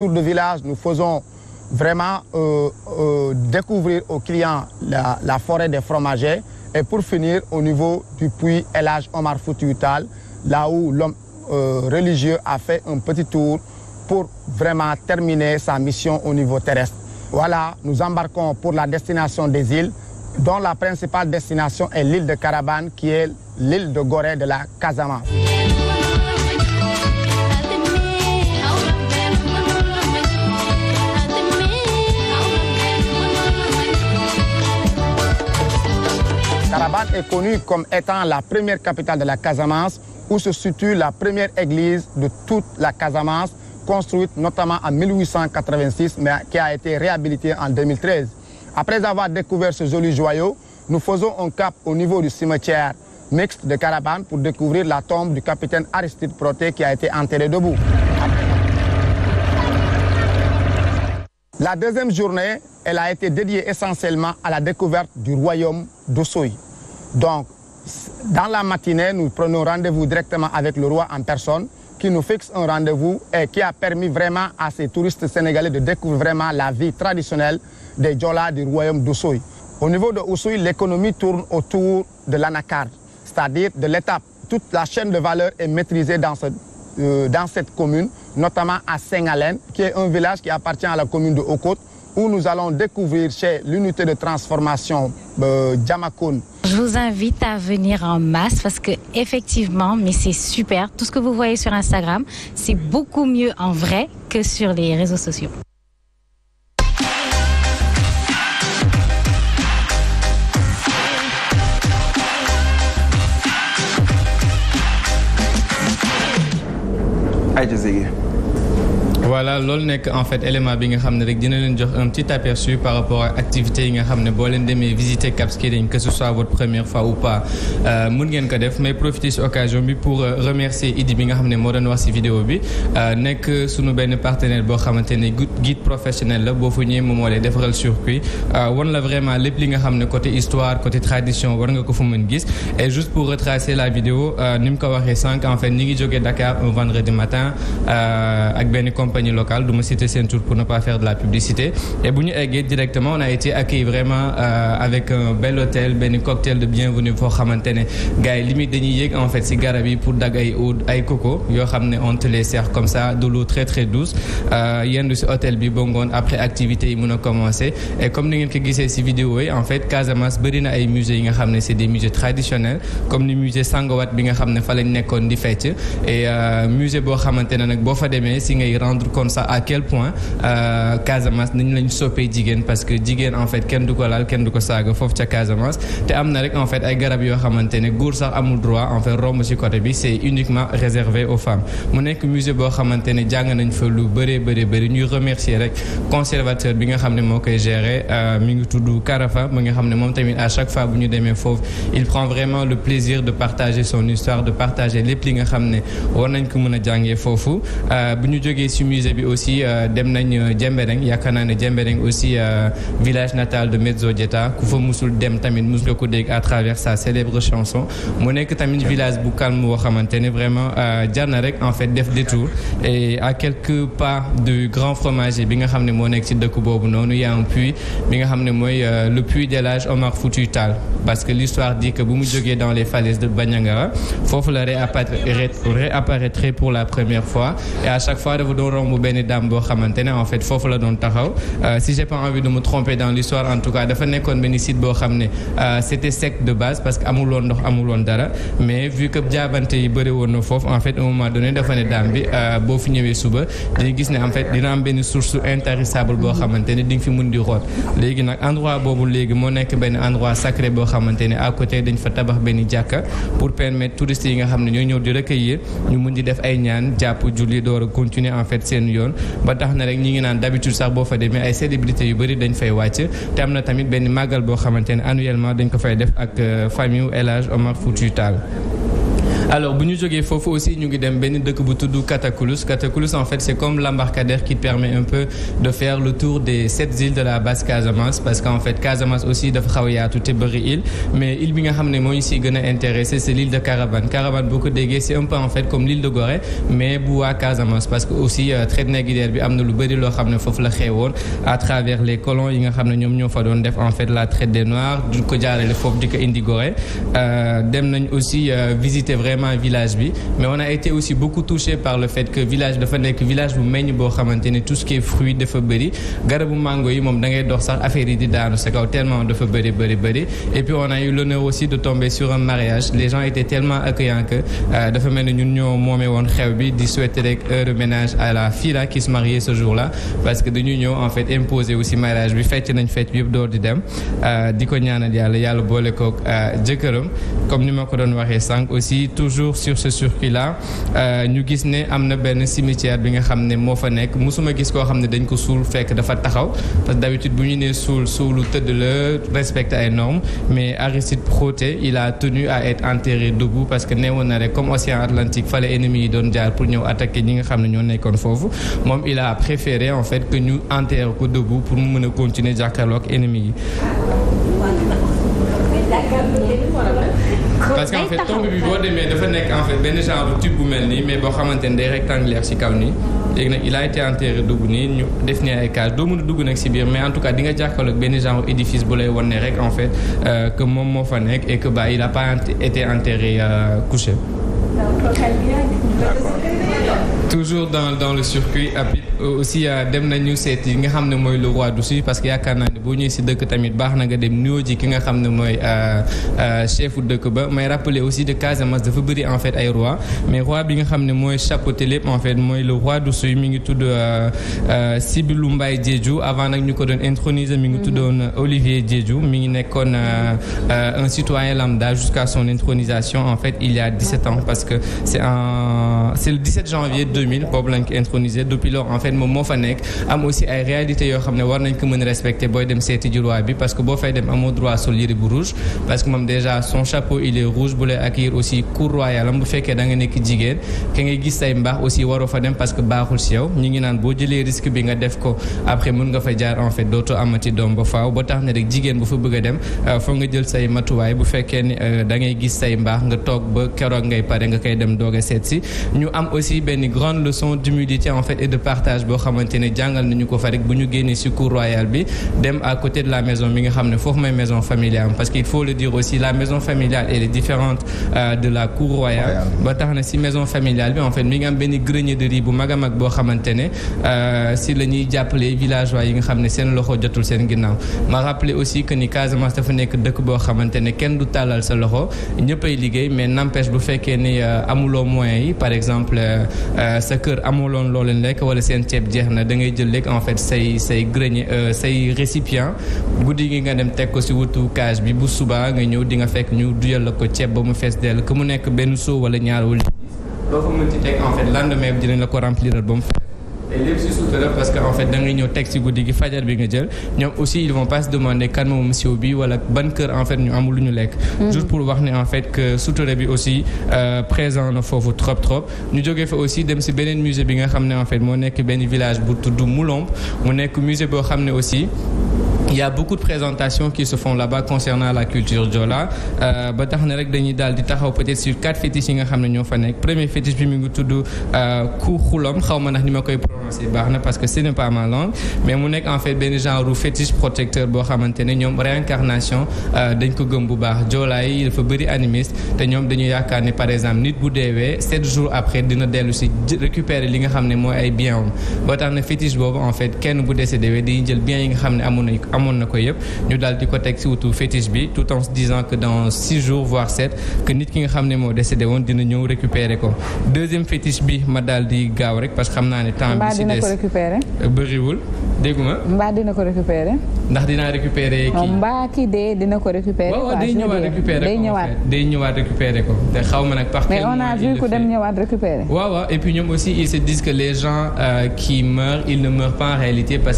tour de village, nous faisons vraiment euh, euh, découvrir aux clients la, la, forêt des fromagers. Et pour finir, au niveau du puits Elage Omar Foutiutal, là où l'homme euh, religieux a fait un petit tour pour vraiment terminer sa mission au niveau terrestre. Voilà, nous embarquons pour la destination des îles, dont la principale destination est l'île de Carabane, qui est l'île de Gorée de la Casamance. est connue comme la première capitale de la Casamance, où la première église de toute la Casamance, construite notamment en 1886, mais qui a été réhabilitée en un cap au niveau du de Carabane pour découvrir la tombe du capitaine Aristide Proté qui a été La deuxième journée, elle a été dédiée essentiellement à la découverte Donc, dans la matinée, nous prenons rendez-vous directement avec le roi en personne qui nous fixe un rendez-vous et qui a permis vraiment à ces touristes de découvrir vraiment la vie traditionnelle des Djola du royaume d'Oussouy. Au niveau de Oussouy, l'économie tourne autour de l'anacarde, c'est-à-dire de l'étape. Toute la chaîne de valeur est maîtrisée dans, euh, dans cette commune, notamment à Saint-Galen, qui est un village qui appartient à la commune de Haute-Côte, où nous allons découvrir chez l'unité de transformation euh, Djamakoun. Je vous invite à venir en masse parce que effectivement, mais c'est super. Tout ce que vous voyez sur Instagram, c'est beaucoup mieux en vrai que sur les réseaux sociaux. voilà loolu nekk en fait élément bi nga xam ne rek dina leen jox un petit aperçu par rapport ak activités yi nga xam ne boo leen demee visiter Cap Skirring que ce soit votre première fois ou pas euh, mun ngeen ko def mais profiter si occasion bi pour euh, remercier Idi bi nga xam ne moo doon wax si vidéo bi euh, nekk sunu benn partenaire boo xamante ne guide professionnel la boo fa ñëwee moom moo lay defaral circuit wan la vraiment lépp li nga xam ne côté histoire côté tradition war nga ko fu mën gis et juste pour retracer la vidéo ni mu ko compagnie locale du ma citer seen pour ne pas faire de la publicité et bu ñu eggee directement on a été accueilli vraiment euh, avec un bel hôtel benn cocktail de bienvenue foo xamante ne gars yi dañuy yéeg en fait si garab yi pour dagg ay oud ay coco yoo xam ne on te les comme ça de l'eau très très douce euh, yendu si hôtel bi ba ngoon après activité yi mun a commencer et comme ni ngeen ko gisee si vidéo yi en fait Casamance bëri ay musées yi nga xam ne c'est des musées nekkoon sax à quel point euh, que jigéen en fait kenn kenn du ko saaga foofu ca Casamance te am na rek en fait ay garab yoo ne góor sax amul droit en fait romb ci côté bi c'est uniquement xamante ne jàng nañ fa lu bëree bëri bëri ñuy remercier rek conservateur bi nga xam ne moo koy gérer euh, mi ngi tudd Karafa ba nga xam ne moom tamit à chaque fois bu ñu demee foofu il prend vraiment le plaisir de partager son histoire de partager lépp li nga xam ne war nañ ko mën a jàngee foofu euh, bu ñu jógee ci musée projet bi aussi euh, dem nañ Jembereng euh, yaakaar naa ne Jembereng aussi euh, village natal de Mezzo Diatta ku fa musul dem tamit mus nga ko dégg à travers sa célèbre chanson mu nekk tamit village bu calme boo ne vraiment jar na rek en fait def détour et à quelques pas du grand fromager bi nga xam ne moo nekk ci dëkk boobu noonu y a un bi nga xam ne mooy le puits de l'âge Omar Foutiyou Tall parce que l'histoire dit que bu mu jógee dans les falaises de Bandiagara la réapparaître réapparaître la première boobu benn dame boo xamante en fait foofu la doon taxaw euh, si j'ai envie de tromper dans l'histoire en tout cas dafa nekkoon benn site boo xam ne euh, c'était sec de base parce que amul ndox amul dara mais vu que jaabante yi bëri woon foofu en fait à un moment ne dame bi euh, boo fi ñëwee suba dañu gis ne en fait dina am benn source intarissable boo xamante ne fi mun di root léegi nag endroit boobu léegi moo nekk benn endroit sacré boo xamante seen yoon ba tax na rek ñi ngi naan d'habitude sax boo fa demee ay célébrité yu bëri dañ fay wàcc te am na tamit benn màggal boo xamante ne annuellement dañ ko fay def ak euh, famille El Hadj Omar Foutiyou taal alors bu ñu jógee foofu aussi ñu ngi dem benn dëkk bu tudd Catacoulous Catacoulous en fait c'est comme l'embarcadère qui permet un peu de faire le tour des sept îles de la basse Casamance parce qu'en fait Casamance aussi dafa xaw yaatu te bëri île mais île bi nga xam ne moo si gën a intéressé c'est l'île de Caravane Caravane boo ko déggee c'est un peu en fait comme l'île de Gorée mais bu waa Casamance parce que aussi euh, traite négrière bi am na lu bëri vraiment village bi mais on a été aussi beaucoup touché par le fait que village dafa nekk village bu meññ boo xamante ne tout ce qui fruit dafa bëri garabu mango yi moom da ngay dox sax affaire yi di daanu sa kaw tellement dafa bëri bëri bëri et puis on a eu l'honneur aussi de tomber sur un mariage les gens étaient tellement accueillants que euh, dafa mel ni ñun ñoo moomee woon xew bi di souhaiter rek heureux ménage à la fille là qui se mariait ce jour là parce que dañuy ñëw en fait bi fecc nañ fecc yëpp door di dem euh, di ko euh, ko doon toujours sur ce circuit-là euh, ñu gis ne am na benn cimetière bi nga xam ne moo fa nekk mosuma gis koo xam ne dañ ko suul fekk dafa taxaw parce que d'habitude bu ñu nee suul suulu tëdd la respecte ay normes mais Aristide Protet il a tenu à être enterré debout parce que woon na rek comme océan Atlantique fale ennemis yi doon jaar pour ñëw attaquer ñi nga xam ne ñoo nekkoon foofu moom il a préféré en fait que ñu enterre ko debout pour mu mën a continuer jàkkaarloog ennemis yi ah, parce que en fait tomb bi boo demee dafa nekk en fait benn genre tube bu mel nii mais boo xamante ne day rectangulaire ci kaw nii léegi nag il a été enterré dugg nii ñu def nii ay cage doo mën a dugg nag ci biir mais en tout cas di nga jàkkaarloog benn genre édifice bu lay wan ne rek en fait euh, que moom moo fa nekk et que ba il a pas été enterré euh, couché toujours dans dans le circuit apit euh, aussi euh, dem nañu seet yi nga xam ne mooy le roi du sud parce que yaakaar naa ne boo ñëwee si dëkk tamit baax na nga dem nuyoo ji ki nga xam ne mooy euh, chefu dëkk ba may rappeler aussi de Casamance dafa bëri en fait ay roi mais roi bi nga xam ne mooy chapeauté lépp en fait mooy le roi du sud mi ngi tudd Sibilu Mbaye Diédhiou avant nag ñu ko doon introniser mi ngi tuddoon Olivier jéeju mi ngi nekkoon un citoyen lambda jusqu'à son fait que c'est le janvier boobu lañ intronisé depuis lors en fait moom moo fa nekk am aussi ay réalités yoo xam ne war nañ ko mën a booy dem seeti ji bi parce que boo fay dem amoo droit sol yëre bu rouge parce que moom déjà son chapeau il est rouge am bu fekkee da nekk jigéen ka ngay gis say mbaax aussi waroo fa dem parce que baaxul si yow ñu ngi naan boo jëlee risque bi nga def ko après mun nga fa jaar en fait dootoo amati doom ba faaw ba a euh, nga dem doog a seet si ñu am aussi benn grande leçon d'humilité en fait et de partage boo xamante ne jàngal nañu ko fa bu ñu génnee si cour royale bi dem à côté de la maison bi nga xam ne foofu mooy maison familiale parce que il faut le dire aussi la maison familiale elle différente euh, de la cour royale ba tax na si maison familiale bi en fait mi ngi am benn grenier de riz bu mag a mag boo xamante ne euh, si la ñuy jàppale villageois yi nga xam ne seen Euh, amuloo moyens yi par exemple euh, euh, sa kër amuloon loo leen lekk wala seen ceeb jeex na da ngay jël lekk en fait say say grenier say récipient guddi gi nga dem teg ko si wutu cage bi bu subaa nga ñëw di nga fekk ñu duyal la ko ceeb ba mu fees dell que mu nekk benn soo wala ñaar wala. doo ko mën ci teg en bi dinañ la ko remplir ba mu fees te si sutura parce que en fait da ngay ñëw teg si guddi gi fajar bi nga jël ñoom aussi ils vont pas se demander kan moom monsieur bi wala ban kër en fait ñu amul lu ñu lekk. Hmm. juste pour wax ni en fait que sutura bi aussi euh, présent na foofu trop trop. ñu jógee fa aussi dem si beneen musée bi nga xam ne en fait moo nekk benn village bu tudd Moulombe mu nekk musée boo xam ne aussi. y a beaucoup de présentations qui se font là-bas concernant la culture Joola euh, ba tax na rek dañuy daal di taxaw peut-être sur quatre fétiches yi nga xam ne ñoo fa nekk premier fétiche bi mu ngi tudd euh, ku xulom xaw ma ni ma koy prononcé baax na parce que ce n'est pas ma langue mais mu nekk en fait benn genre fétiche protecteur boo xamante ne ñoom réincarnation euh, dañ ko gëm bu baax Joola yi dafa bëri animiste te ñoom dañu yaakaar ne par exemple nit bu deewee sept jours après dina dellu si récupérer li xam ne mooy ay biens am amoon na ko yëpp ñu daal di ko teg si wutu fétiche bi tout en se disant que dans six jours voire sept que nit ki nga xam ne moo décédé woon dina ñëw récupérer ko deuxième fétiche bi ma daal di gaaw rek parce que xam naa ne temps bi si des bëriwul dégguma mbaa dina ko récupérer ndax dinaa récupérer kii mbaa kii dee dina ko récupérer waaw day ñëwaat récupérer day ko te xaw ma nag par mais on a vu ku dem ñëwaat récupérer waaw waaw puis ñoom aussi ils se disent que les gens euh, qui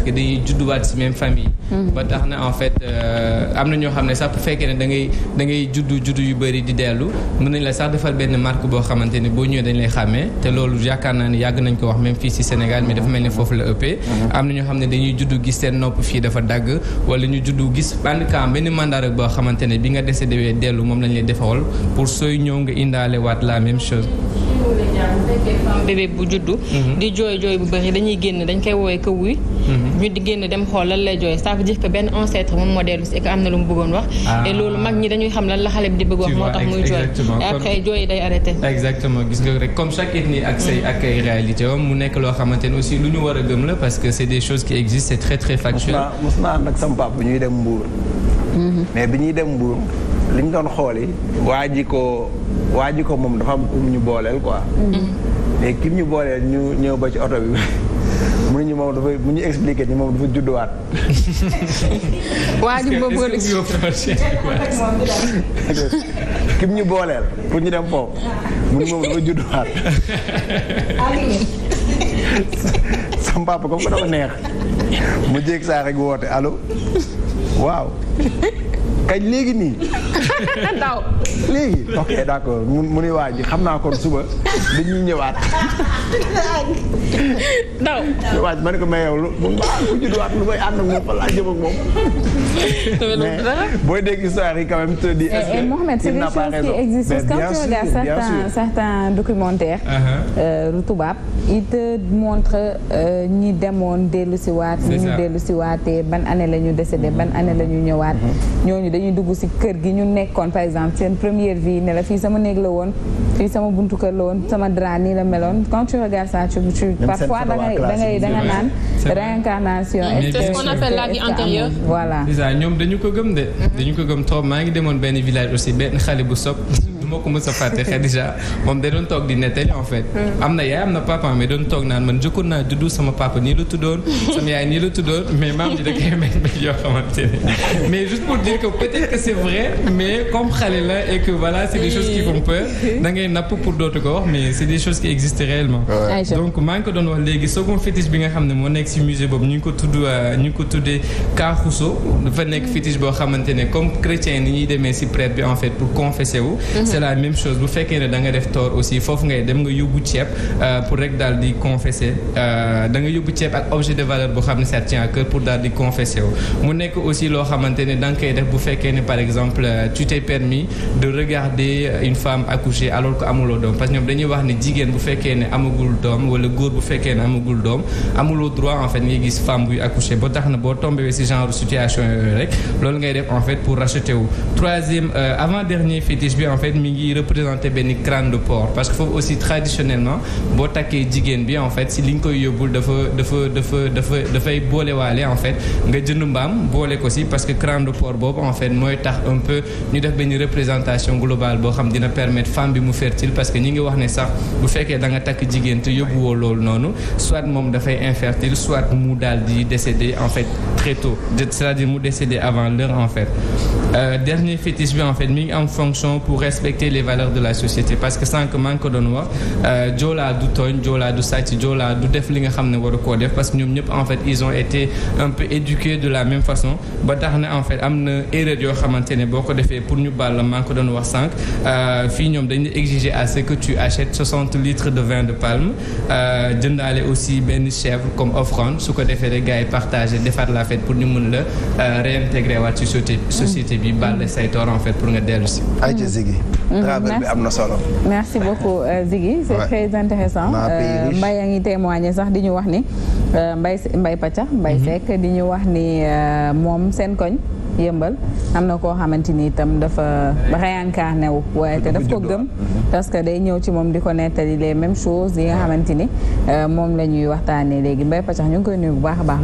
que dañuy Mm-hmm. ba tax na en fait euh, am na ñoo xam ne sax bu fekkee ne da ngay da ngay juddu juddu yu bëri di dellu mën nañ la sax defal benn marque boo xamante ne boo ñëwee dañ lay xàmmee te loolu yaakaar naa ne yàgg nañ ko wax même fii si Sénégal mais dafa mel ne foofu la ëppee. Mm-hmm. am na ñoo xam ne dañuy juddu gis seen nopp fii dafa dagg wala ñu juddu gis benn camp benn mandat boo xamante ne bi nga desee dewee dellu moom lañ lay defawal pour sooy ñëw nga indaale waat la même chose. bébé bu juddu. Mhm. di jooy jooy bu bëri dañuy génn dañ koy woowee que wuy. Mhm. ñu di génn dem xool lan lay jooy sa veut dire que benn ancêtre moom moo dellu si et am na lu mu bëggoon wax. Ah. et loolu mag ñi dañuy xam lan la xale bi di bëgg wax moo tax muy jooy. après jooy day arrêté. exactement gis nga rek comme chaque ethnie ak say mhm. ak ay réalité am mu nekk loo xamante ne aussi lu ñu war a gëm la parce que c'est des choses qui existent c'est très très factuel. mos naa mos naa ñuy dem Mbour. mais bi ñuy dem Mbour li ñu doon xooli waa ji ko waa ko moom dafa am ku ñu booleel quoi. Mm-hmm. mais ki ñu booleel ñu ñëw ba ci oto bi. mu ñu moom dafay mu ñu expliqué ni moom dafa judduwaat. waa ñu booleel pour ñu dem foofu mu ñu moom dafa judduwaat. sam papa comme dafa neex mu jéeg saa rek woote alo waaw kañ léegi nii daw léegi ok d' mu ni waa ji xam naa kon suba dañuy ñëwaat. daw ma ne ko mais yow lu mu ku judduwaat may ànd ak moom fa laa jëm moom. booy dégg histoire yi quand même te eh, eh, Mohamed c'est des choses qui existent quand tu certains documentaires. Uh-huh. Euh, lu tubaab il te montre euh, ñi demoon dellu si waat. ñu dellu si waatee ban année la ñu décédé ban année la ñu ñëwaat. Uh-huh. ñooñu dañuy dugg si kër gi ñun. nekkoon par exemple seen première vie ne la fii sama néeg la woon fii sama buntu kër la sama drap nii la meloon quand tu regardes ça tu tu parfois da ngay da ngay da nga naan réincarnation c'est ce qu'on voilà ñoom dañu ko gëm de mhm. dañu ko gëm trop maa ngi demoon benn village aussi benn xale bu sob moo ko mës moom da doon toog di nettali en fait hmm. am na yaay am na papa mais doon toog naan man jëkkoon naa juddu sama papa nii la tuddoon sama yaay nii la tuddoon mais maam ji da koy xamante ne mais juste pour dire que peut que c'est vrai mais comme xale la et que voilà c'est des choses qui font peur ko wax mais c'est des choses qui existent ah, donc maa ngi ko doon wax léegi second fétiche bi nga xam ne moo nekk ci musée boobu ñu ngi ko tudd euh, ñu ngi ko tuddee Kaxuso dafa nekk fétiche boo xamante ne comme chrétien ni ñuy demee ci prêtre bi en fait pour confesser wu mm-hmm. c'est même chose bu fekkee ne da nga def tort aussi foofu ngay dem nga yóbbu ceeb euh, pour rek daal di confesser euh, da nga yóbbu ceeb ak objet de valeur boo xam ne ça tient à cœur pour daal di confesser mu nekk aussi loo xamante ne da nga def bu fekkee ne par exemple euh, tu t'es permis de regarder une femme accoucher alors que amuloo doom parce que ñoom dañuy wax ne jigéen bu fekkee ne amagul doom wala góor bu fekkee ne amagul doom amuloo droit en fait ngay gis femme buy accoucher ba tax na boo tombé si genre situation yooyu loolu ngay def en fait pour racheter wu mi ngi représenté benn crâne de porc parce que foofu aussi traditionnellement boo takkee jigéen bi en fait si li nga koy yóbbul dafa dafa dafa dafa dafay boolewaale en fait nga jënd mbaam boole ko si parce que crâne de porc boobu en fait mooy tax un peu ñu def benn représentation globale boo xam dina permettre femme bi mu fertile parce que ñi ngi wax ne sax bu fekkee danga takk jigéen te yóbbuwoo loolu noonu soit moom dafay infertile soit mu daal di décédé en fait très tôt cest mu décédé avant l'heure en fait euh, respecter les valeurs de la société parce que sànq maa ko doon wax euh, joolaa du tooñ joolaa du sàcc joolaa du def li nga xam ne waru koo def parce que ñoom ñëpp en fait ils ont été un peu éduqués de la même façon ba tax ne en fait am na erreur yoo xamante ne boo ko defee pour ñu baal la maa ngi ko doon wax sànq euh, fii ñoom dañuy exiger à ce que tu achètes 60 litres de vin de palme euh, jëndaale aussi benn chèvre comme offrande su ko defee rek gars yi partagé defaat la fête pour ñu mun la réintégrer waat ci société bi baal la say toor en fait pour nga dellu si. Mm-hmm. travers bi am merci beaucoup euh, Ziggy c'est très intéressant euh, Mbaye a ngi témoigner sax di ñu wax ni euh, Mbaye Mbaye Pacca Mbaye mm-hmm. Seck di ñu wax ni moom seen koñ yëmbal am na koo xamante ni itam dafa réincarné wu waaye te daf ko gëm mm-hmm. parce que day ñëw ci moom di ko nettali le même choses yi nga xamante ni moom la ñuy waxtaanee léegi Mbaye Paccax ñu ngi koy nuyu bu baax a baax